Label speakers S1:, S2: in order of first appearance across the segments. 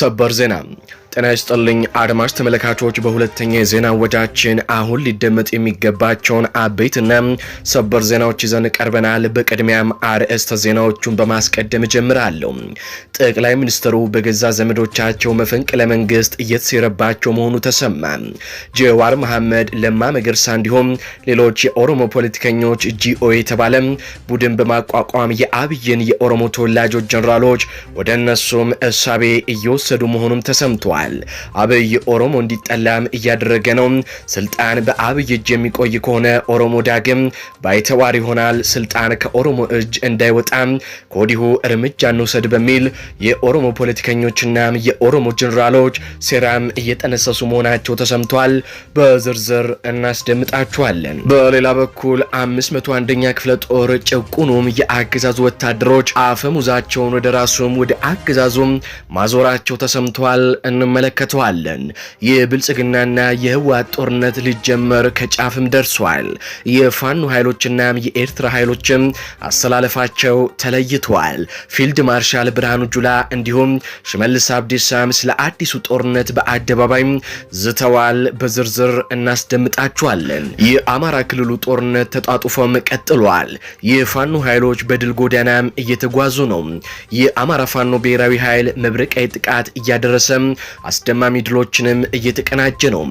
S1: ሰበር ዜና ጤና ይስጥልኝ አድማጭ ተመልካቾች፣ በሁለተኛ የዜና ወጃችን አሁን ሊደመጥ የሚገባቸውን አበይትና ሰበር ዜናዎች ይዘን ቀርበናል። በቅድሚያም አርዕስተ ዜናዎቹን በማስቀደም እጀምራለሁ። ጠቅላይ ሚኒስትሩ በገዛ ዘመዶቻቸው መፈንቅለ መንግስት እየተሴረባቸው መሆኑ ተሰማ። ጀዋር መሐመድ፣ ለማ መገርሳ እንዲሁም ሌሎች የኦሮሞ ፖለቲከኞች ጂኦ የተባለ ቡድን በማቋቋም የአብይን የኦሮሞ ተወላጆች ጀኔራሎች ወደ እነሱም እሳቤ እየወሰዱ መሆኑም ተሰምተዋል። ብለዋል። አብይ ኦሮሞ እንዲጠላም እያደረገ ነው። ስልጣን በአብይ እጅ የሚቆይ ከሆነ ኦሮሞ ዳግም ባይተዋር ይሆናል። ስልጣን ከኦሮሞ እጅ እንዳይወጣም ከወዲሁ እርምጃ እንውሰድ በሚል የኦሮሞ ፖለቲከኞችና የኦሮሞ ጀኔራሎች ሴራም እየጠነሰሱ መሆናቸው ተሰምቷል። በዝርዝር እናስደምጣችኋለን። በሌላ በኩል 501ኛ ክፍለ ጦር ጭቁኑም የአገዛዙ ወታደሮች አፈሙዛቸውን ወደ ራሱም ወደ አገዛዙም ማዞራቸው ተሰምቷል። እንመ እንመለከተዋለን። የብልጽግናና የህወሓት ጦርነት ሊጀመር ከጫፍም ደርሷል። የፋኖ ኃይሎችና የኤርትራ ኃይሎችም አሰላለፋቸው ተለይቷል። ፊልድ ማርሻል ብርሃኑ ጁላ እንዲሁም ሽመልስ አብዲሳም ስለ አዲሱ ጦርነት በአደባባይ ዝተዋል። በዝርዝር እናስደምጣችኋለን። የአማራ ክልሉ ጦርነት ተጧጡፎም ቀጥሏል። የፋኖ ኃይሎች በድል ጎዳናም እየተጓዙ ነው። የአማራ ፋኖ ብሔራዊ ኃይል መብረቃዊ ጥቃት እያደረሰም አስደማሚ ድሎችንም እየተቀናጀ ነው።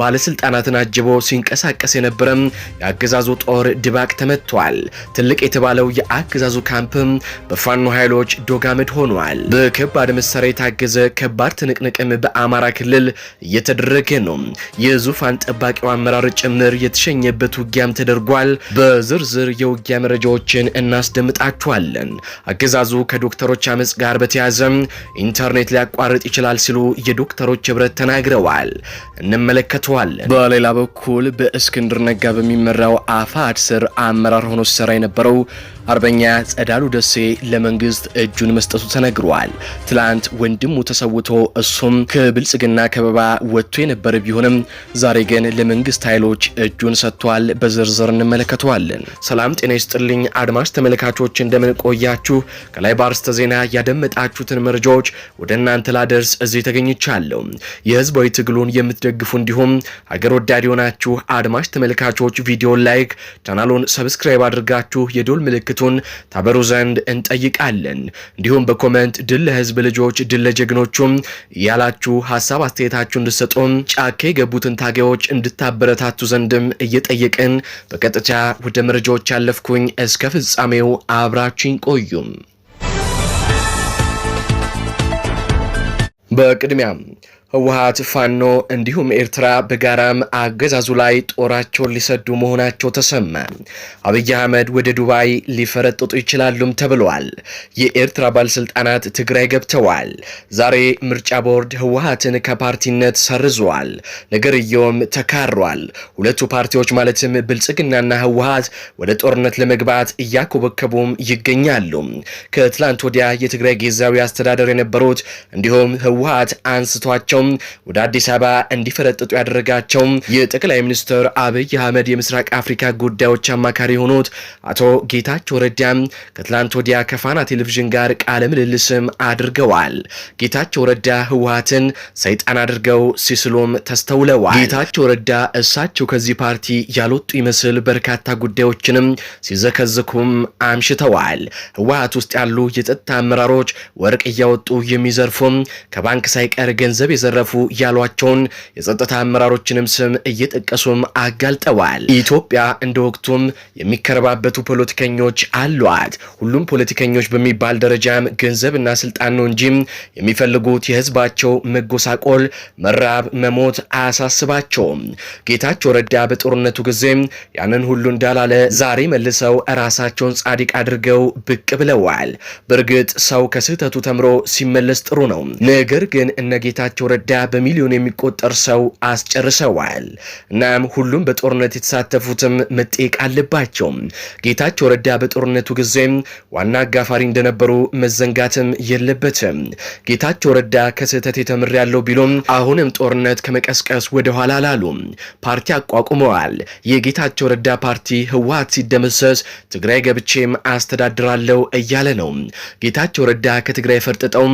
S1: ባለስልጣናትን አጅቦ ሲንቀሳቀስ የነበረም የአገዛዙ ጦር ድባቅ ተመቷል። ትልቅ የተባለው የአገዛዙ ካምፕም በፋኖ ኃይሎች ዶጋመድ ሆኗል። በከባድ መሳሪያ የታገዘ ከባድ ትንቅንቅም በአማራ ክልል እየተደረገ ነው። የዙፋን ጠባቂው አመራር ጭምር የተሸኘበት ውጊያም ተደርጓል። በዝርዝር የውጊያ መረጃዎችን እናስደምጣችኋለን። አገዛዙ ከዶክተሮች አመፅ ጋር በተያያዘ ኢንተርኔት ሊያቋርጥ ይችላል ሲሉ የዶክተሮች ህብረት ተናግረዋል። እንመለከተዋለን። በሌላ በኩል በእስክንድር ነጋ በሚመራው አፋድ ስር አመራር ሆኖ ሲሰራ የነበረው አርበኛ ጸዳሉ ደሴ ለመንግስት እጁን መስጠቱ ተነግሯል። ትላንት ወንድሙ ተሰውቶ እሱም ከብልጽግና ከበባ ወጥቶ የነበረ ቢሆንም ዛሬ ግን ለመንግስት ኃይሎች እጁን ሰጥቷል። በዝርዝር እንመለከተዋለን። ሰላም ጤና ይስጥልኝ አድማጭ ተመልካቾች፣ እንደምን ቆያችሁ? ከላይ ባርስተ ዜና ያደመጣችሁትን መረጃዎች ወደ እናንተ ላደርስ እዚህ ተገኝቻለሁ። ተችቻለሁ። የህዝባዊ ትግሉን የምትደግፉ እንዲሁም ሀገር ወዳድ የሆናችሁ አድማጭ ተመልካቾች ቪዲዮን ላይክ፣ ቻናሉን ሰብስክራይብ አድርጋችሁ የዶል ምልክቱን ታበሩ ዘንድ እንጠይቃለን። እንዲሁም በኮመንት ድል ለህዝብ ልጆች፣ ድል ለጀግኖቹም ያላችሁ ሀሳብ አስተያየታችሁ እንድሰጡም ጫካ የገቡትን ታጋዮች እንድታበረታቱ ዘንድም እየጠየቅን በቀጥታ ወደ መረጃዎች ያለፍኩኝ እስከ ፍጻሜው አብራችኝ ቆዩም። በቅድሚያ ህወሀት፣ ፋኖ እንዲሁም ኤርትራ በጋራም አገዛዙ ላይ ጦራቸውን ሊሰዱ መሆናቸው ተሰማ። አብይ አህመድ ወደ ዱባይ ሊፈረጥጡ ይችላሉም ተብለዋል። የኤርትራ ባለስልጣናት ትግራይ ገብተዋል። ዛሬ ምርጫ ቦርድ ህወሀትን ከፓርቲነት ሰርዟል። ነገርየውም ተካሯል። ሁለቱ ፓርቲዎች ማለትም ብልጽግናና ህወሀት ወደ ጦርነት ለመግባት እያኮበከቡም ይገኛሉ። ከትላንት ወዲያ የትግራይ ጊዜያዊ አስተዳደር የነበሩት እንዲሁም ህወሀት አንስቷቸው መሆናቸው ወደ አዲስ አበባ እንዲፈረጥጡ ያደረጋቸው የጠቅላይ ሚኒስትር አብይ አህመድ የምስራቅ አፍሪካ ጉዳዮች አማካሪ የሆኑት አቶ ጌታቸው ረዳ ከትላንት ወዲያ ከፋና ቴሌቪዥን ጋር ቃለ ምልልስም አድርገዋል። ጌታቸው ረዳ ህወሀትን ሰይጣን አድርገው ሲስሉም ተስተውለዋል። ጌታቸው ረዳ እሳቸው ከዚህ ፓርቲ ያልወጡ ይመስል በርካታ ጉዳዮችንም ሲዘከዝኩም አምሽተዋል። ህወሀት ውስጥ ያሉ የጸጥታ አመራሮች ወርቅ እያወጡ የሚዘርፉም ከባንክ ሳይቀር ገንዘብ የዘ ዘረፉ ያሏቸውን የጸጥታ አመራሮችንም ስም እየጠቀሱም አጋልጠዋል። ኢትዮጵያ እንደ ወቅቱም የሚከረባበቱ ፖለቲከኞች አሏት። ሁሉም ፖለቲከኞች በሚባል ደረጃም ገንዘብና ስልጣን ነው እንጂም የሚፈልጉት የህዝባቸው መጎሳቆል፣ መራብ፣ መሞት አያሳስባቸውም። ጌታቸው ረዳ በጦርነቱ ጊዜም ያንን ሁሉ እንዳላለ ዛሬ መልሰው ራሳቸውን ጻድቅ አድርገው ብቅ ብለዋል። በእርግጥ ሰው ከስህተቱ ተምሮ ሲመለስ ጥሩ ነው። ነገር ግን እነ ጌታቸው ረዳ በሚሊዮን የሚቆጠር ሰው አስጨርሰዋል። እናም ሁሉም በጦርነት የተሳተፉትም መጠየቅ አለባቸው። ጌታቸው ረዳ በጦርነቱ ጊዜም ዋና አጋፋሪ እንደነበሩ መዘንጋትም የለበትም። ጌታቸው ረዳ ከስህተት የተምር ያለው ቢሎም አሁንም ጦርነት ከመቀስቀስ ወደኋላ አላሉ። ፓርቲ አቋቁመዋል። የጌታቸው ረዳ ፓርቲ ህወሀት ሲደመሰስ ትግራይ ገብቼም አስተዳድራለሁ እያለ ነው። ጌታቸው ረዳ ከትግራይ ፈርጥጠው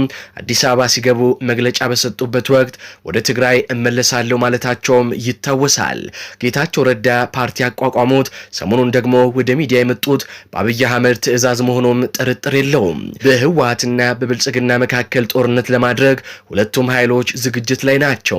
S1: አዲስ አበባ ሲገቡ መግለጫ በሰጡበት ወቅት ወደ ትግራይ እመለሳለሁ ማለታቸውም ይታወሳል። ጌታቸው ረዳ ፓርቲ ያቋቋሙት ሰሞኑን ደግሞ ወደ ሚዲያ የመጡት በአብይ አህመድ ትዕዛዝ መሆኑም ጥርጥር የለውም። በህወሀትና በብልጽግና መካከል ጦርነት ለማድረግ ሁለቱም ኃይሎች ዝግጅት ላይ ናቸው።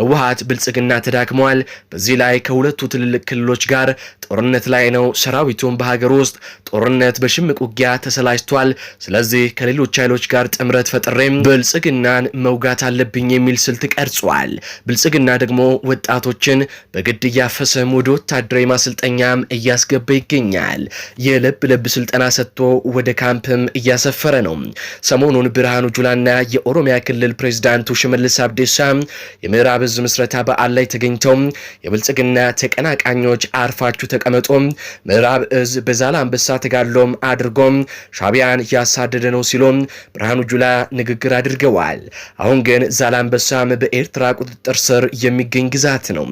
S1: ህወሀት ብልጽግና ተዳክመዋል። በዚህ ላይ ከሁለቱ ትልልቅ ክልሎች ጋር ጦርነት ላይ ነው። ሰራዊቱም በሀገር ውስጥ ጦርነት በሽምቅ ውጊያ ተሰላጅቷል። ስለዚህ ከሌሎች ኃይሎች ጋር ጥምረት ፈጥሬም ብልጽግናን መውጋት አለብኝ የሚል የሚል ስልት ቀርጿል። ብልጽግና ደግሞ ወጣቶችን በግድ እያፈሰም ወደ ወታደራዊ ማሰልጠኛም እያስገባ ይገኛል። የለብ ለብ ስልጠና ሰጥቶ ወደ ካምፕም እያሰፈረ ነው። ሰሞኑን ብርሃኑ ጁላና የኦሮሚያ ክልል ፕሬዚዳንቱ ሽመልስ አብዲሳ የምዕራብ እዝ ምስረታ በዓል ላይ ተገኝተው የብልጽግና ተቀናቃኞች አርፋችሁ ተቀመጦ ምዕራብ እዝ በዛላ አንበሳ ተጋድሎም አድርጎም ሻቢያን እያሳደደ ነው ሲሉ ብርሃኑ ጁላ ንግግር አድርገዋል። አሁን ግን ዛላ አንበሳ የተነሳም በኤርትራ ቁጥጥር ስር የሚገኝ ግዛት ነው።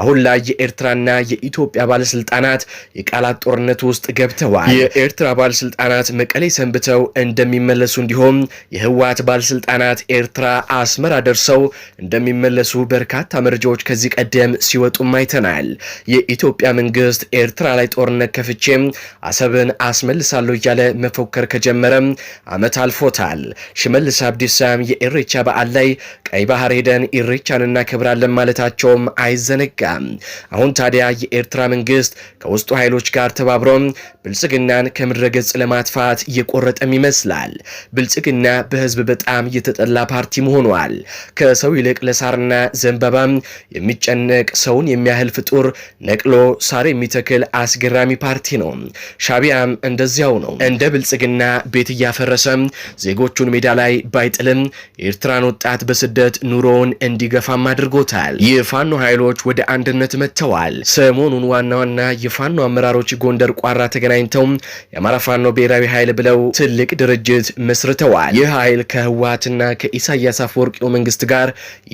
S1: አሁን ላይ የኤርትራና የኢትዮጵያ ባለስልጣናት የቃላት ጦርነት ውስጥ ገብተዋል። የኤርትራ ባለስልጣናት መቀሌ ሰንብተው እንደሚመለሱ እንዲሁም የህወሓት ባለስልጣናት ኤርትራ አስመራ ደርሰው እንደሚመለሱ በርካታ መረጃዎች ከዚህ ቀደም ሲወጡም አይተናል። የኢትዮጵያ መንግስት ኤርትራ ላይ ጦርነት ከፍቼም አሰብን አስመልሳለሁ እያለ መፎከር ከጀመረም አመት አልፎታል። ሽመልስ አብዲሳም የኤሬቻ በዓል ላይ ቀይ ቀይ ባህር ሄደን ኢሬቻን እናከብራለን ማለታቸውም አይዘነጋም። አሁን ታዲያ የኤርትራ መንግስት ከውስጡ ኃይሎች ጋር ተባብሮም ብልጽግናን ከምድረገጽ ለማጥፋት እየቆረጠም ይመስላል። ብልጽግና በህዝብ በጣም የተጠላ ፓርቲ ሆኗል። ከሰው ይልቅ ለሳርና ዘንባባም የሚጨነቅ ሰውን የሚያህል ፍጡር ነቅሎ ሳር የሚተክል አስገራሚ ፓርቲ ነው። ሻቢያም እንደዚያው ነው። እንደ ብልጽግና ቤት እያፈረሰም ዜጎቹን ሜዳ ላይ ባይጥልም የኤርትራን ወጣት በስደት በመስጠት ኑሮውን እንዲገፋም አድርጎታል። የፋኖ ኃይሎች ወደ አንድነት መጥተዋል። ሰሞኑን ዋና ዋና የፋኖ አመራሮች ጎንደር ቋራ ተገናኝተው የአማራ ፋኖ ብሔራዊ ኃይል ብለው ትልቅ ድርጅት መስርተዋል። ይህ ኃይል ከህወሓትና ከኢሳያስ አፈወርቂው መንግስት ጋር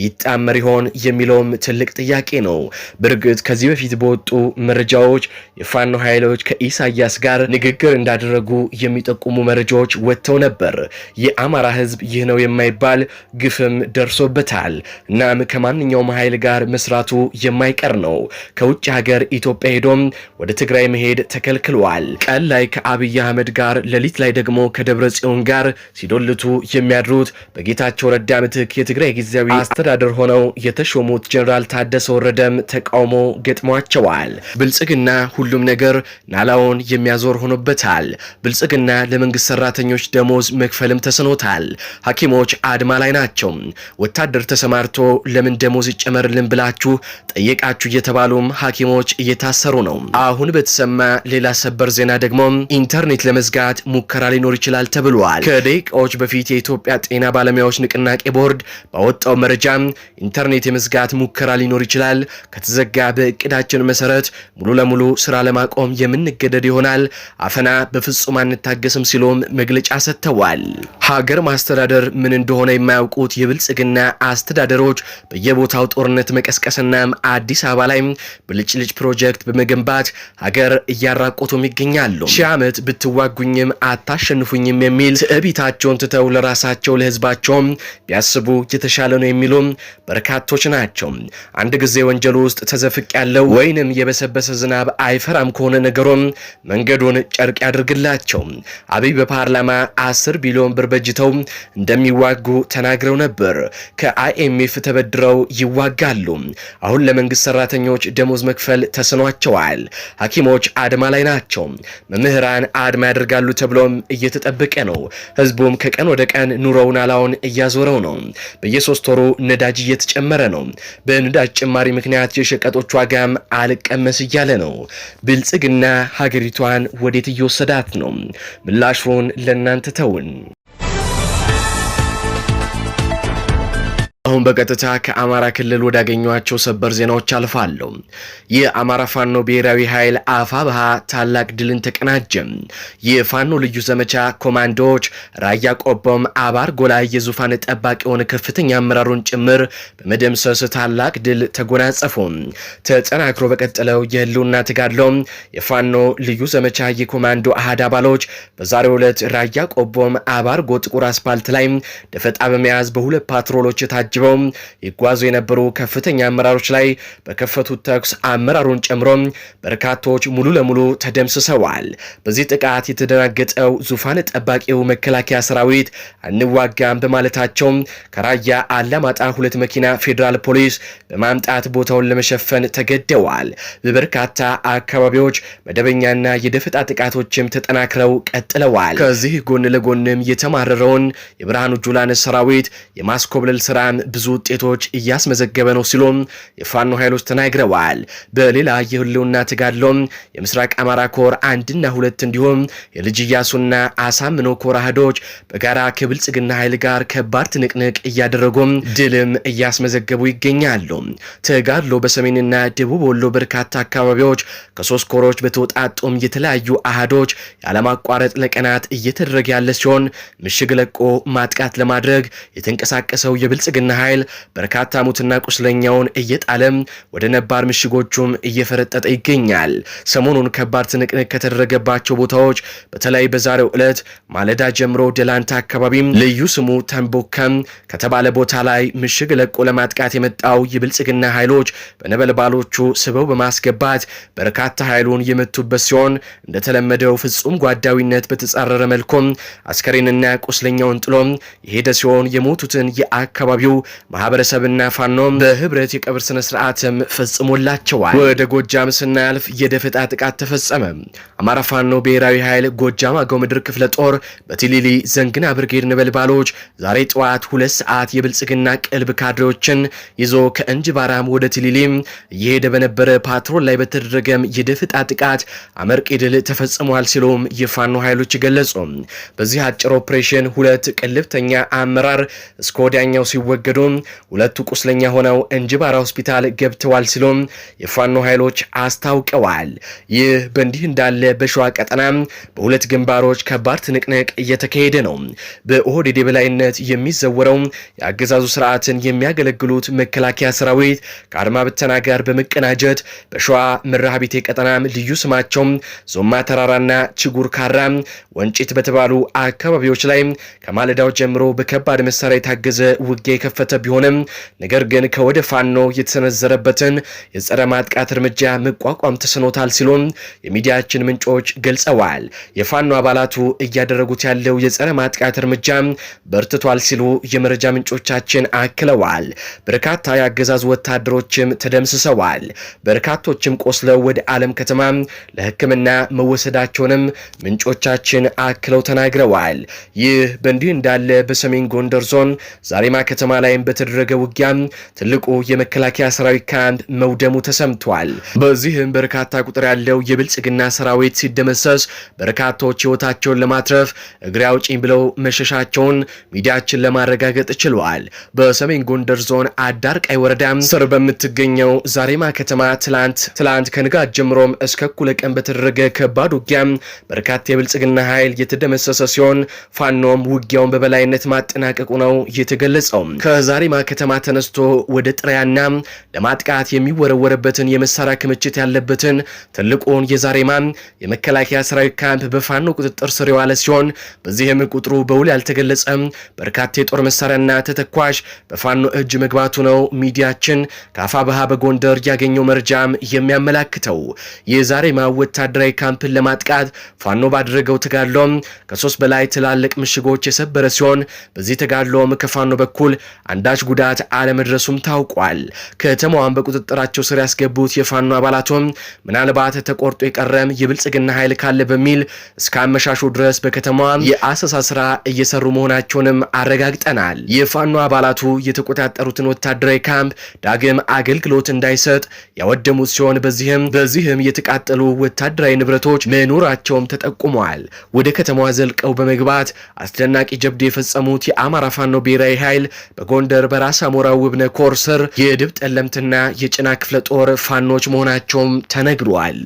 S1: ይጣመር ይሆን የሚለውም ትልቅ ጥያቄ ነው። በእርግጥ ከዚህ በፊት በወጡ መረጃዎች የፋኖ ኃይሎች ከኢሳያስ ጋር ንግግር እንዳደረጉ የሚጠቁሙ መረጃዎች ወጥተው ነበር። የአማራ ህዝብ ይህ ነው የማይባል ግፍም ደርሶ ደርሶበታል። እናም ከማንኛውም ኃይል ጋር መስራቱ የማይቀር ነው። ከውጭ ሀገር ኢትዮጵያ ሄዶም ወደ ትግራይ መሄድ ተከልክሏል። ቀን ላይ ከአብይ አህመድ ጋር፣ ሌሊት ላይ ደግሞ ከደብረ ጽዮን ጋር ሲዶልቱ የሚያድሩት በጌታቸው ረዳ ምትክ የትግራይ ጊዜያዊ አስተዳደር ሆነው የተሾሙት ጀኔራል ታደሰ ወረደም ተቃውሞ ገጥሟቸዋል። ብልጽግና ሁሉም ነገር ናላውን የሚያዞር ሆኖበታል። ብልጽግና ለመንግስት ሰራተኞች ደሞዝ መክፈልም ተስኖታል። ሐኪሞች አድማ ላይ ናቸው። ወታደር ተሰማርቶ ለምን ደሞዝ ይጨመርልን ብላችሁ ጠየቃችሁ እየተባሉም ሐኪሞች እየታሰሩ ነው። አሁን በተሰማ ሌላ ሰበር ዜና ደግሞ ኢንተርኔት ለመዝጋት ሙከራ ሊኖር ይችላል ተብሏል። ከደቂቃዎች በፊት የኢትዮጵያ ጤና ባለሙያዎች ንቅናቄ ቦርድ ባወጣው መረጃ ኢንተርኔት የመዝጋት ሙከራ ሊኖር ይችላል፣ ከተዘጋ በእቅዳችን መሰረት ሙሉ ለሙሉ ስራ ለማቆም የምንገደድ ይሆናል፣ አፈና በፍጹም አንታገስም ሲሉም መግለጫ ሰጥተዋል። ሀገር ማስተዳደር ምን እንደሆነ የማያውቁት የብልጽግና አስተዳደሮች በየቦታው ጦርነት መቀስቀስና አዲስ አበባ ላይ ብልጭልጭ ፕሮጀክት በመገንባት ሀገር እያራቆቱም ይገኛሉ። ሺህ ዓመት ብትዋጉኝም አታሸንፉኝም የሚል ትዕቢታቸውን ትተው ለራሳቸው ለህዝባቸውም ቢያስቡ የተሻለ ነው የሚሉ በርካቶች ናቸው። አንድ ጊዜ ወንጀል ውስጥ ተዘፍቅ ያለው ወይንም የበሰበሰ ዝናብ አይፈራም ከሆነ ነገሮም መንገዱን ጨርቅ ያድርግላቸው። አብይ በፓርላማ አስር ቢሊዮን ብር በጅተው እንደሚዋጉ ተናግረው ነበር። ከአይኤምኤፍ ተበድረው ይዋጋሉ። አሁን ለመንግስት ሰራተኞች ደሞዝ መክፈል ተስኗቸዋል። ሐኪሞች አድማ ላይ ናቸው። መምህራን አድማ ያደርጋሉ ተብሎም እየተጠበቀ ነው። ህዝቡም ከቀን ወደ ቀን ኑሮውን አላውን እያዞረው ነው። በየሶስት ወሩ ነዳጅ እየተጨመረ ነው። በነዳጅ ጭማሪ ምክንያት የሸቀጦች ዋጋም አልቀመስ እያለ ነው። ብልጽግና ሀገሪቷን ወዴት እየወሰዳት ነው? ምላሹን ለእናንተ ተውን። አሁን በቀጥታ ከአማራ ክልል ወዳገኟቸው ሰበር ዜናዎች አልፋለሁ። የአማራ ፋኖ ብሔራዊ ኃይል አፋብሃ ታላቅ ድልን ተቀናጀ። የፋኖ ልዩ ዘመቻ ኮማንዶዎች ራያ ቆቦም፣ አባር ጎላ የዙፋን ጠባቂ የሆነ ከፍተኛ አመራሩን ጭምር በመደምሰስ ታላቅ ድል ተጎናጸፉ። ተጠናክሮ በቀጠለው የህልውና ተጋድሎ የፋኖ ልዩ ዘመቻ የኮማንዶ አህድ አባሎች በዛሬው ዕለት ራያ ቆቦም፣ አባር ጎ ጥቁር አስፓልት ላይ ደፈጣ በመያዝ በሁለት ፓትሮሎች የታጀ ታጅበው ይጓዙ የነበሩ ከፍተኛ አመራሮች ላይ በከፈቱት ተኩስ አመራሩን ጨምሮ በርካቶች ሙሉ ለሙሉ ተደምስሰዋል። በዚህ ጥቃት የተደናገጠው ዙፋን ጠባቂው መከላከያ ሰራዊት አንዋጋም በማለታቸው ከራያ አላማጣ ሁለት መኪና ፌዴራል ፖሊስ በማምጣት ቦታውን ለመሸፈን ተገደዋል። በበርካታ አካባቢዎች መደበኛና የደፈጣ ጥቃቶችም ተጠናክረው ቀጥለዋል። ከዚህ ጎን ለጎንም የተማረረውን የብርሃኑ ጁላን ሰራዊት የማስኮብለል ስራም ብዙ ውጤቶች እያስመዘገበ ነው ሲሉም የፋኖ ኃይሎች ተናግረዋል። በሌላ የህልውና ትጋድሎም የምስራቅ አማራ ኮር አንድና ሁለት እንዲሁም የልጅ እያሱና አሳምኖ ኮር አህዶች በጋራ ከብልጽግና ኃይል ጋር ከባድ ትንቅንቅ እያደረጉም ድልም እያስመዘገቡ ይገኛሉ። ትጋሎ በሰሜንና ደቡብ ወሎ በርካታ አካባቢዎች ከሶስት ኮሮች በተወጣጡም የተለያዩ አህዶች ያለማቋረጥ ለቀናት እየተደረገ ያለ ሲሆን ምሽግ ለቆ ማጥቃት ለማድረግ የተንቀሳቀሰው የብልጽግና ኃይል በርካታ ሙትና ቁስለኛውን እየጣለም ወደ ነባር ምሽጎቹም እየፈረጠጠ ይገኛል። ሰሞኑን ከባድ ትንቅንቅ ከተደረገባቸው ቦታዎች በተለይ በዛሬው ዕለት ማለዳ ጀምሮ ደላንታ አካባቢም ልዩ ስሙ ተንቦከም ከተባለ ቦታ ላይ ምሽግ ለቆ ለማጥቃት የመጣው የብልጽግና ኃይሎች በነበልባሎቹ ስበው በማስገባት በርካታ ኃይሉን የመቱበት ሲሆን እንደተለመደው ፍጹም ጓዳዊነት በተጻረረ መልኩም አስከሬንና ቁስለኛውን ጥሎም የሄደ ሲሆን የሞቱትን የአካባቢው ማህበረሰብና ፋኖም በህብረት የቀብር ስነ ስርዓትም ፈጽሞላቸዋል። ወደ ጎጃም ስናልፍ የደፈጣ ጥቃት ተፈጸመ። አማራ ፋኖ ብሔራዊ ኃይል ጎጃም አገው ምድር ክፍለ ጦር በቲሊሊ ዘንግና ብርጌድ ነበልባሎች ዛሬ ጠዋት ሁለት ሰዓት የብልጽግና ቅልብ ካድሬዎችን ይዞ ከእንጅባራም ወደ ቲሊሊም እየሄደ በነበረ ፓትሮል ላይ በተደረገም የደፈጣ ጥቃት አመርቂ ድል ተፈጽሟል ሲሉም የፋኖ ኃይሎች ገለጹ። በዚህ አጭር ኦፕሬሽን ሁለት ቅልብተኛ አመራር እስከ ወዲያኛው ሲወገ ሲወገዱ ሁለቱ ቁስለኛ ሆነው እንጅባራ ሆስፒታል ገብተዋል ሲሉ የፋኖ ኃይሎች አስታውቀዋል። ይህ በእንዲህ እንዳለ በሸዋ ቀጠና በሁለት ግንባሮች ከባድ ትንቅንቅ እየተካሄደ ነው። በኦህዴድ የበላይነት የሚዘወረው የአገዛዙ ስርዓትን የሚያገለግሉት መከላከያ ሰራዊት ከአድማ ብተና ጋር በመቀናጀት በሸዋ ምራሃቢቴ ቀጠና ልዩ ስማቸው ዞማ ተራራና ችጉር ካራ ወንጭት በተባሉ አካባቢዎች ላይ ከማለዳው ጀምሮ በከባድ መሳሪያ የታገዘ ውጊያ የተከፈተ ቢሆንም ነገር ግን ከወደ ፋኖ የተሰነዘረበትን የጸረ ማጥቃት እርምጃ መቋቋም ተስኖታል ሲሉም የሚዲያችን ምንጮች ገልጸዋል። የፋኖ አባላቱ እያደረጉት ያለው የጸረ ማጥቃት እርምጃ በርትቷል ሲሉ የመረጃ ምንጮቻችን አክለዋል። በርካታ የአገዛዝ ወታደሮችም ተደምስሰዋል። በርካቶችም ቆስለው ወደ አለም ከተማ ለሕክምና መወሰዳቸውንም ምንጮቻችን አክለው ተናግረዋል። ይህ በእንዲህ እንዳለ በሰሜን ጎንደር ዞን ዛሬማ ከተማ ላይም በተደረገ ውጊያ ትልቁ የመከላከያ ሰራዊት ካምፕ መውደሙ ተሰምቷል። በዚህም በርካታ ቁጥር ያለው የብልጽግና ሰራዊት ሲደመሰስ በርካታዎች ህይወታቸውን ለማትረፍ እግሬ አውጪኝ ብለው መሸሻቸውን ሚዲያችን ለማረጋገጥ ችሏል። በሰሜን ጎንደር ዞን አዳርቃይ ወረዳ ስር በምትገኘው ዛሬማ ከተማ ትላንት ትላንት ከንጋት ጀምሮም እስከ እኩለ ቀን በተደረገ ከባድ ውጊያ በርካታ የብልጽግና ኃይል የተደመሰሰ ሲሆን ፋኖም ውጊያውን በበላይነት ማጠናቀቁ ነው የተገለጸው። ከዛሬማ ከተማ ተነስቶ ወደ ጥራያና ለማጥቃት የሚወረወረበትን የመሳሪያ ክምችት ያለበትን ትልቁን የዛሬማ የመከላከያ ሰራዊት ካምፕ በፋኖ ቁጥጥር ስር የዋለ ሲሆን በዚህም ቁጥሩ በውል ያልተገለጸም በርካታ የጦር መሳሪያና ተተኳሽ በፋኖ እጅ መግባቱ ነው ሚዲያችን ባሃ በጎንደር ያገኘው መረጃም የሚያመላክተው። የዛሬማ ወታደራዊ ካምፕን ለማጥቃት ፋኖ ባደረገው ተጋድሎም ከሶስት በላይ ትላልቅ ምሽጎች የሰበረ ሲሆን በዚህ ተጋድሎም ከፋኖ በኩል አንዳች ጉዳት አለመድረሱም ታውቋል። ከተማዋን በቁጥጥራቸው ስር ያስገቡት የፋኖ አባላቱም ምናልባት ተቆርጦ የቀረም የብልጽግና ኃይል ካለ በሚል እስከ አመሻሹ ድረስ በከተማ የአሰሳ ስራ እየሰሩ መሆናቸውንም አረጋግጠናል። የፋኖ አባላቱ የተቆጣጠሩትን ወታደራዊ ካምፕ ዳግም አገልግሎት እንዳይሰጥ ያወደሙት ሲሆን በዚህም በዚህም የተቃጠሉ ወታደራዊ ንብረቶች መኖራቸውም ተጠቁመዋል። ወደ ከተማዋ ዘልቀው በመግባት አስደናቂ ጀብድ የፈጸሙት የአማራ ፋኖ ብሔራዊ ኃይል በጎ ጎንደር በራስ አሞራ ውብነ ኮርሰር ስር የድብ ጠለምትና የጭና ክፍለ ጦር ፋኖች መሆናቸውም ተነግሯል።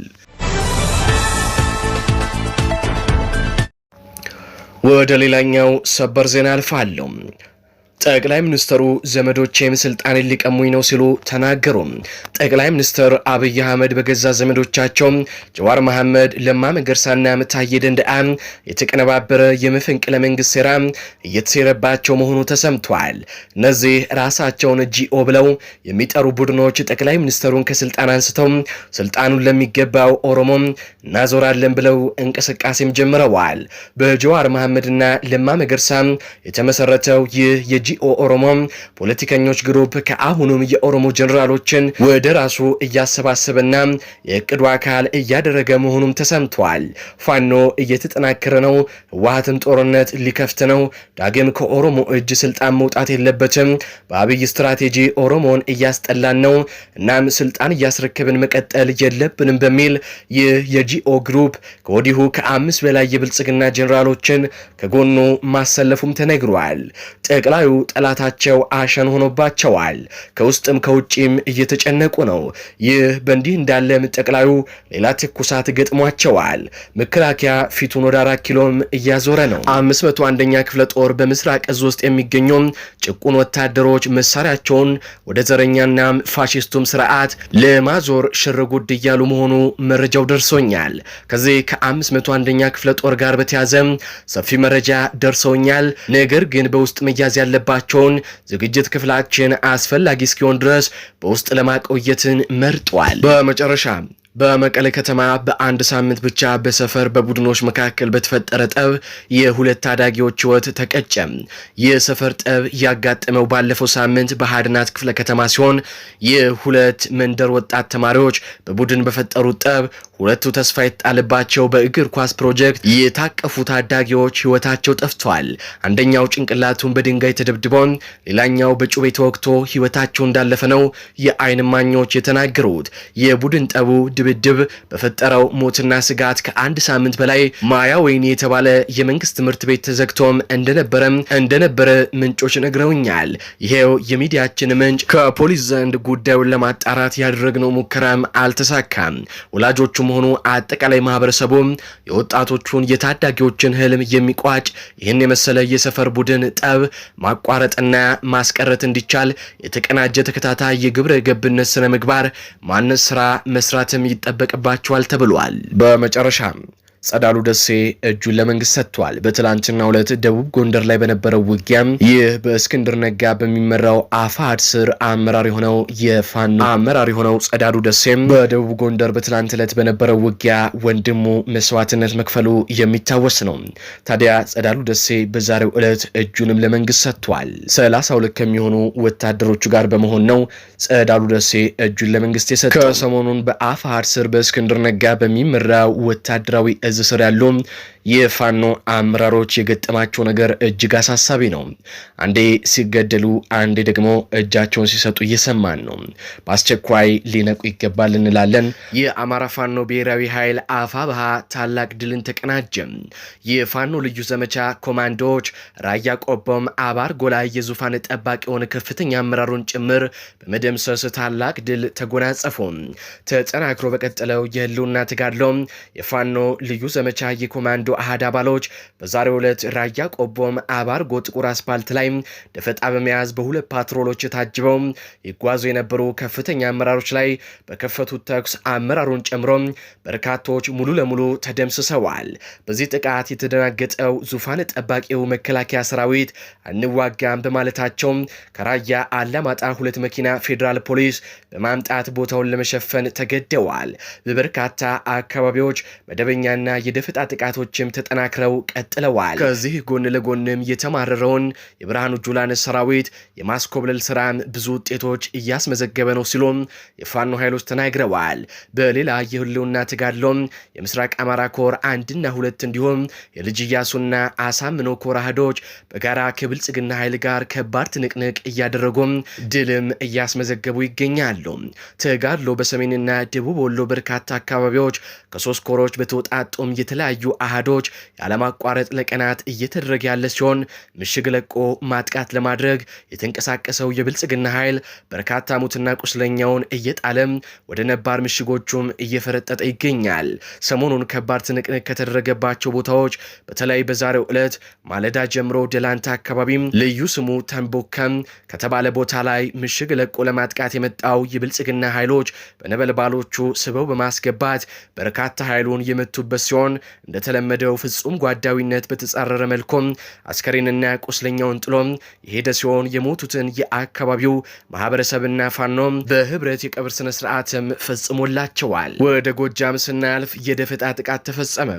S1: ወደ ሌላኛው ሰበር ዜና አልፋለሁ። ጠቅላይ ሚኒስትሩ ዘመዶቼም ስልጣኔ ሊቀሙኝ ነው ሲሉ ተናገሩ። ጠቅላይ ሚኒስትር አብይ አህመድ በገዛ ዘመዶቻቸው ጀዋር መሐመድ፣ ለማ መገርሳና ታዬ ደንደአ የተቀነባበረ የመፈንቅለ መንግስት ሴራ እየተሴረባቸው መሆኑ ተሰምቷል። እነዚህ ራሳቸውን ጂኦ ብለው የሚጠሩ ቡድኖች ጠቅላይ ሚኒስትሩን ከስልጣን አንስተው ስልጣኑን ለሚገባው ኦሮሞ እናዞራለን ብለው እንቅስቃሴም ጀምረዋል። በጀዋር መሐመድና ለማ መገርሳ የተመሰረተው ይህ ኦ ኦሮሞ ፖለቲከኞች ግሩፕ ከአሁኑም የኦሮሞ ጀኔራሎችን ወደ ራሱ እያሰባሰበና የእቅዱ አካል እያደረገ መሆኑም ተሰምቷል። ፋኖ እየተጠናከረ ነው። ህወሀትን ጦርነት ሊከፍት ነው። ዳግም ከኦሮሞ እጅ ስልጣን መውጣት የለበትም። በአብይ ስትራቴጂ ኦሮሞን እያስጠላን ነው። እናም ስልጣን እያስረከብን መቀጠል የለብንም በሚል ይህ የጂኦ ግሩፕ ከወዲሁ ከአምስት በላይ የብልጽግና ጀኔራሎችን ከጎኑ ማሰለፉም ተነግሯል። ጠቅላዩ ጠላታቸው አሸን ሆኖባቸዋል። ከውስጥም ከውጭም እየተጨነቁ ነው። ይህ በእንዲህ እንዳለም ጠቅላዩ ሌላ ትኩሳት ገጥሟቸዋል። መከላከያ ፊቱን ወደ አራት ኪሎም እያዞረ ነው። አምስት መቶ አንደኛ ክፍለ ጦር በምስራቅ እዝ ውስጥ የሚገኙም ጭቁን ወታደሮች መሳሪያቸውን ወደ ዘረኛና ፋሽስቱም ስርዓት ለማዞር ሽር ጉድ እያሉ መሆኑ መረጃው ደርሶኛል። ከዚህ ከአምስት መቶ አንደኛ ክፍለ ጦር ጋር በተያዘ ሰፊ መረጃ ደርሰውኛል። ነገር ግን በውስጥ መያዝ ያለባ ያለባቸውን ዝግጅት ክፍላችን አስፈላጊ እስኪሆን ድረስ በውስጥ ለማቆየትን መርጧል። በመጨረሻ በመቀለ ከተማ በአንድ ሳምንት ብቻ በሰፈር በቡድኖች መካከል በተፈጠረ ጠብ የሁለት ታዳጊዎች ህይወት ተቀጨ። የሰፈር ጠብ ያጋጠመው ባለፈው ሳምንት በሀድናት ክፍለ ከተማ ሲሆን የሁለት መንደር ወጣት ተማሪዎች በቡድን በፈጠሩት ጠብ ሁለቱ ተስፋ የተጣለባቸው በእግር ኳስ ፕሮጀክት የታቀፉ ታዳጊዎች ህይወታቸው ጠፍቷል። አንደኛው ጭንቅላቱን በድንጋይ ተደብድቦን፣ ሌላኛው በጩቤ ተወግቶ ህይወታቸው እንዳለፈ ነው የአይን ማኞች የተናገሩት። የቡድን ጠቡ ድብድብ በፈጠረው ሞትና ስጋት ከአንድ ሳምንት በላይ ማያ ወይኒ የተባለ የመንግስት ትምህርት ቤት ተዘግቶም እንደነበረም እንደነበረ ምንጮች ነግረውኛል። ይሄው የሚዲያችን ምንጭ ከፖሊስ ዘንድ ጉዳዩን ለማጣራት ያደረግነው ሙከራም አልተሳካም። ወላጆቹም በመሆኑ አጠቃላይ ማህበረሰቡ የወጣቶቹን የታዳጊዎችን ህልም የሚቋጭ ይህን የመሰለ የሰፈር ቡድን ጠብ ማቋረጥና ማስቀረት እንዲቻል የተቀናጀ ተከታታይ የግብረ ገብነት ስነ ምግባር ማነስ ስራ መስራትም ይጠበቅባቸዋል ተብሏል። በመጨረሻ ጸዳሉ ደሴ እጁን ለመንግስት ሰጥቷል። በትላንትና ሁለት ደቡብ ጎንደር ላይ በነበረው ውጊያም ይህ በእስክንድር ነጋ በሚመራው አፋድ ስር አመራር የሆነው የፋኖ አመራር የሆነው ጸዳሉ ደሴም በደቡብ ጎንደር በትላንት ዕለት በነበረው ውጊያ ወንድሙ መስዋዕትነት መክፈሉ የሚታወስ ነው። ታዲያ ጸዳሉ ደሴ በዛሬው ዕለት እጁንም ለመንግስት ሰጥቷል። ሰላሳ ሁለት ከሚሆኑ ወታደሮቹ ጋር በመሆን ነው ጸዳሉ ደሴ እጁን ለመንግስት የሰጠው። ከሰሞኑን በአፋድ ስር በእስክንድር ነጋ በሚመራው ወታደራዊ እዝ ስር ያሉ የፋኖ አመራሮች የገጠማቸው ነገር እጅግ አሳሳቢ ነው። አንዴ ሲገደሉ፣ አንዴ ደግሞ እጃቸውን ሲሰጡ እየሰማን ነው። በአስቸኳይ ሊነቁ ይገባል እንላለን። የአማራ ፋኖ ብሔራዊ ኃይል አፋብሃ ታላቅ ድልን ተቀናጀ። የፋኖ ልዩ ዘመቻ ኮማንዶዎች ራያ ቆቦም፣ አባር ጎላ የዙፋን ጠባቂ የሆነ ከፍተኛ አመራሩን ጭምር በመደምሰስ ታላቅ ድል ተጎናጸፉ። ተጠናክሮ በቀጠለው የህልውና ተጋድሎም የፋኖ ልዩ ዘመቻ የኮማንዶ የአረዶ አህድ አባሎች በዛሬው ዕለት ራያ ቆቦም አባርጎ ጥቁር አስፓልት ላይ ደፈጣ በመያዝ በሁለት ፓትሮሎች ታጅበው ይጓዙ የነበሩ ከፍተኛ አመራሮች ላይ በከፈቱት ተኩስ አመራሩን ጨምሮ በርካቶች ሙሉ ለሙሉ ተደምስሰዋል። በዚህ ጥቃት የተደናገጠው ዙፋን ጠባቂው መከላከያ ሰራዊት አንዋጋም በማለታቸው ከራያ አላማጣ ሁለት መኪና ፌዴራል ፖሊስ በማምጣት ቦታውን ለመሸፈን ተገደዋል። በበርካታ አካባቢዎች መደበኛና የደፈጣ ጥቃቶች ስራዎችም ተጠናክረው ቀጥለዋል። ከዚህ ጎን ለጎንም የተማረረውን የብርሃኑ ጁላን ሰራዊት የማስኮብለል ስራም ብዙ ውጤቶች እያስመዘገበ ነው ሲሉም የፋኖ ኃይሎች ተናግረዋል። በሌላ የህልውና ትጋድሎም የምስራቅ አማራ ኮር አንድና ሁለት እንዲሁም የልጅ ኢያሱና አሳምኖ ኮር አህዶች በጋራ ከብልጽግና ኃይል ጋር ከባድ ትንቅንቅ እያደረጉም ድልም እያስመዘገቡ ይገኛሉ። ተጋድሎ በሰሜንና ደቡብ ወሎ በርካታ አካባቢዎች ከሶስት ኮሮች በተወጣጡም የተለያዩ አህዶ ማዕዶች ያለማቋረጥ ለቀናት እየተደረገ ያለ ሲሆን ምሽግ ለቆ ማጥቃት ለማድረግ የተንቀሳቀሰው የብልጽግና ኃይል በርካታ ሙትና ቁስለኛውን እየጣለም ወደ ነባር ምሽጎቹም እየፈረጠጠ ይገኛል። ሰሞኑን ከባድ ትንቅንቅ ከተደረገባቸው ቦታዎች በተለይ በዛሬው ዕለት ማለዳ ጀምሮ ደላንታ አካባቢም ልዩ ስሙ ተንቦከም ከተባለ ቦታ ላይ ምሽግ ለቆ ለማጥቃት የመጣው የብልጽግና ኃይሎች በነበልባሎቹ ስበው በማስገባት በርካታ ኃይሉን የመቱበት ሲሆን እንደተለመደ በወለደው ፍጹም ጓዳዊነት በተጻረረ መልኩም አስከሬንና ቁስለኛውን ጥሎ የሄደ ሲሆን የሞቱትን የአካባቢው ማህበረሰብና ፋኖ በህብረት የቀብር ስነ ስርዓትም ፈጽሞላቸዋል። ወደ ጎጃም ስናልፍ የደፈጣ ጥቃት ተፈጸመ።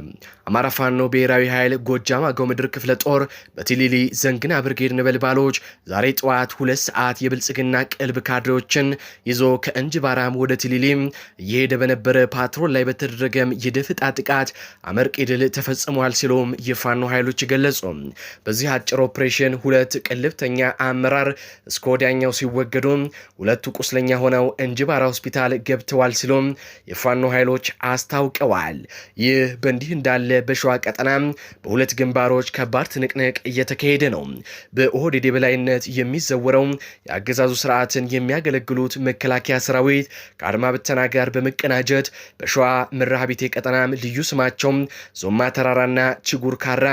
S1: አማራ ፋኖ ብሔራዊ ኃይል ጎጃም አገው ምድር ክፍለ ጦር በቲሊሊ ዘንግና ብርጌድ ነበልባሎች ዛሬ ጠዋት ሁለት ሰዓት የብልጽግና ቅልብ ካድሬዎችን ይዞ ከእንጅባራም ወደ ቲሊሊም እየሄደ በነበረ ፓትሮል ላይ በተደረገም የደፈጣ ጥቃት አመርቂ ድል ተፈ ፈጽሟል ሲሉም የፋኖ ኃይሎች ገለጹ። በዚህ አጭር ኦፕሬሽን ሁለት ቅልብተኛ አመራር እስከ ወዲያኛው ሲወገዱ ሁለቱ ቁስለኛ ሆነው እንጅባራ ሆስፒታል ገብተዋል ሲሉም የፋኖ ኃይሎች አስታውቀዋል። ይህ በእንዲህ እንዳለ በሸዋ ቀጠና በሁለት ግንባሮች ከባድ ትንቅንቅ እየተካሄደ ነው። በኦህዴድ የበላይነት የሚዘወረው የአገዛዙ ስርዓትን የሚያገለግሉት መከላከያ ሰራዊት ከአድማ ብተና ጋር በመቀናጀት በሸዋ ምራ ቤቴ ቀጠናም ልዩ ስማቸው ዞማታ ተራራና ችጉር ካራ፣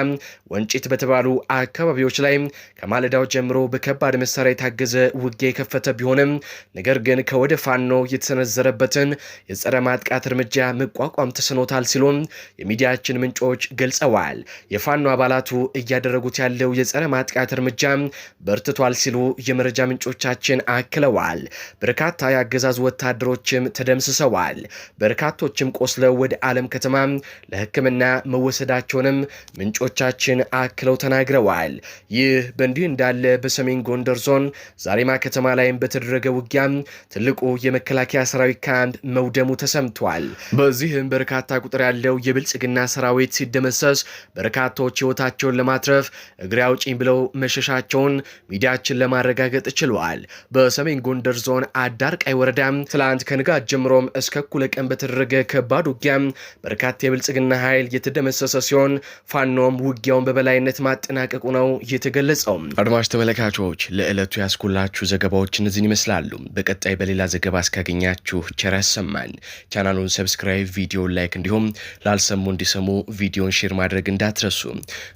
S1: ወንጪት በተባሉ አካባቢዎች ላይ ከማለዳው ጀምሮ በከባድ መሳሪያ የታገዘ ውጊያ የከፈተ ቢሆንም ነገር ግን ከወደ ፋኖ የተሰነዘረበትን የጸረ ማጥቃት እርምጃ መቋቋም ተስኖታል ሲሉም የሚዲያችን ምንጮች ገልጸዋል። የፋኖ አባላቱ እያደረጉት ያለው የጸረ ማጥቃት እርምጃ በርትቷል ሲሉ የመረጃ ምንጮቻችን አክለዋል። በርካታ የአገዛዙ ወታደሮችም ተደምስሰዋል። በርካቶችም ቆስለው ወደ አለም ከተማ ለሕክምና መወሰ መወሰዳቸውንም ምንጮቻችን አክለው ተናግረዋል። ይህ በእንዲህ እንዳለ በሰሜን ጎንደር ዞን ዛሬማ ከተማ ላይም በተደረገ ውጊያም ትልቁ የመከላከያ ሰራዊት ካምፕ መውደሙ ተሰምቷል። በዚህም በርካታ ቁጥር ያለው የብልጽግና ሰራዊት ሲደመሰስ በርካታዎች ህይወታቸውን ለማትረፍ እግሬ አውጪኝ ብለው መሸሻቸውን ሚዲያችን ለማረጋገጥ ችሏል። በሰሜን ጎንደር ዞን አዳርቃይ ወረዳ ትላንት ከንጋት ጀምሮም እስከ እኩለ ቀን በተደረገ ከባድ ውጊያም በርካታ የብልጽግና ኃይል የተደመሰ የተደመሰሰ ሲሆን ፋኖም ውጊያውን በበላይነት ማጠናቀቁ ነው የተገለጸው። አድማጭ ተመልካቾች ለዕለቱ ያስኩላችሁ ዘገባዎች እነዚህን ይመስላሉ። በቀጣይ በሌላ ዘገባ እስካገኛችሁ ቸር ያሰማን። ቻናሉን ሰብስክራይብ፣ ቪዲዮን ላይክ እንዲሁም ላልሰሙ እንዲሰሙ ቪዲዮን ሼር ማድረግ እንዳትረሱ።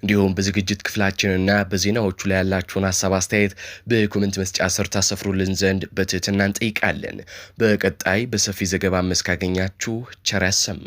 S1: እንዲሁም በዝግጅት ክፍላችንና በዜናዎቹ ላይ ያላችሁን ሀሳብ አስተያየት በኮመንት መስጫ ስር ታሰፍሩልን ዘንድ በትህትና እንጠይቃለን። በቀጣይ በሰፊ ዘገባ መስካገኛችሁ ቸር ያሰማል።